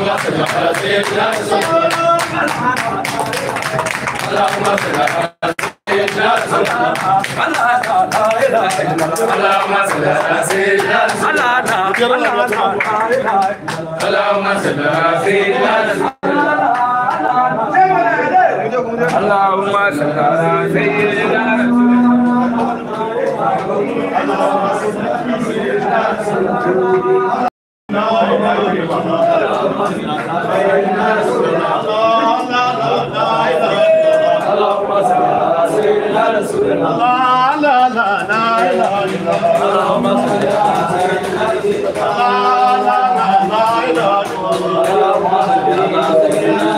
Allahumma salli ala sayyidina Muhammad اللهم صل لا لا لا لا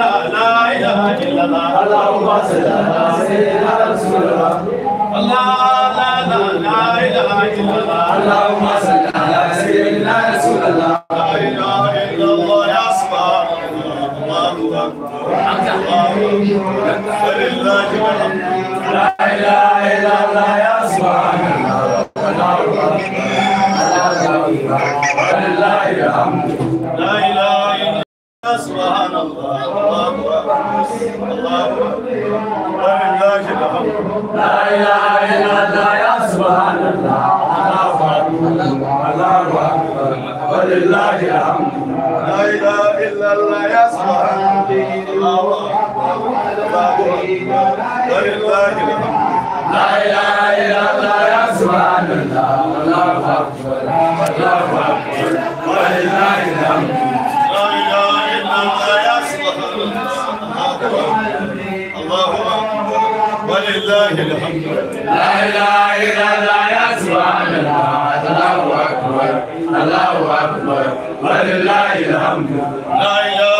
لا إله إلا الله اللهم صل على سيدنا رسول الله الله لا لا لا إله إلا الله اللهم صل على سيدنا رسول الله لا إله إلا الله يا سبحان الله الله أكبر لله الحمد لا إله إلا الله يا سبحان الله الله أكبر لله الحمد لا إله إلا الله سبحان الله الله ولله الحمد لا اله الا الله يا سبحان الله الله اكبر الله اكبر ولله الحمد لا اله الا الله يا سبحان الله ولله الحمد لا اله الا الله يا سبحان الله الله اكبر الله اكبر لا اله الا الله يا سبحان الله الله اكبر الله اكبر ولله الحمد لا اله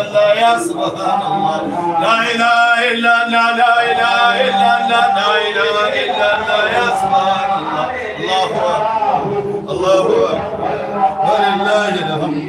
الله يا سبحان الله لا إله إلا الله لا إله إلا الله لا إله إلا الله يا سبحان الله الله أكبر الله أكبر ولله الحمد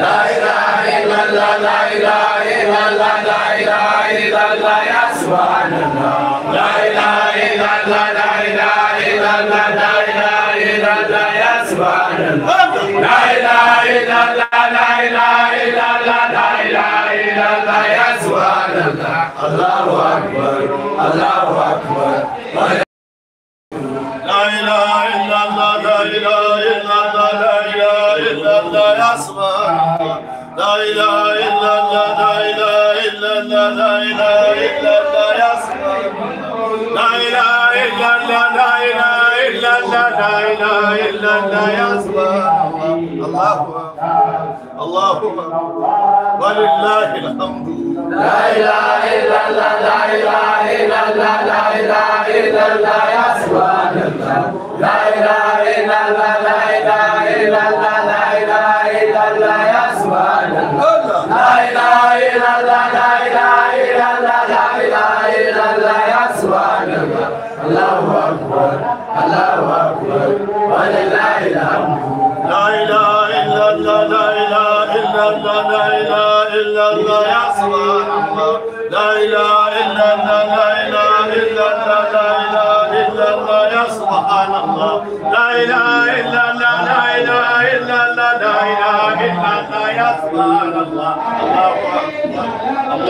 لا إله إلا الله لا إله إلا الله لا إله إلا الله يا سبحان الله لا إله إلا الله لا إله إلا الله لا إله لا إلا الله يا سبحان الله لا إله إلا الله لا إله إلا الله لا إله إلا الله يا سبحان الله الله أكبر الله أكبر لا إله إلا الله لا إله إلا الله لا إله إلا الله يا سبحان الله لا إله إلا الله لا إله إلا الله لا إله إلا الله يا سبحان الله لا إله إلا الله لا إله إلا الله لا إله إلا الله يا سبحان الله الله أكبر ولله الحمد لا إله إلا الله لا إله إلا الله لا إله إلا الله يا سبحان الله لا إله إلا الله لا إله إلا الله لا إله إلا الله يا سبحان الله لا إله إلا الله لا إله إلا الله لا إله إلا الله يا الله الله أكبر الله أكبر ولله الحمد لا إله إلا الله لا إله إلا الله لا إله إلا الله يا سبحان الله لا إله إلا الله لا إله إلا الله لا إله إلا الله يا سبحان الله لا إله إلا الله لا إله إلا الله لا إله إلا الله يا سبحان الله الله أكبر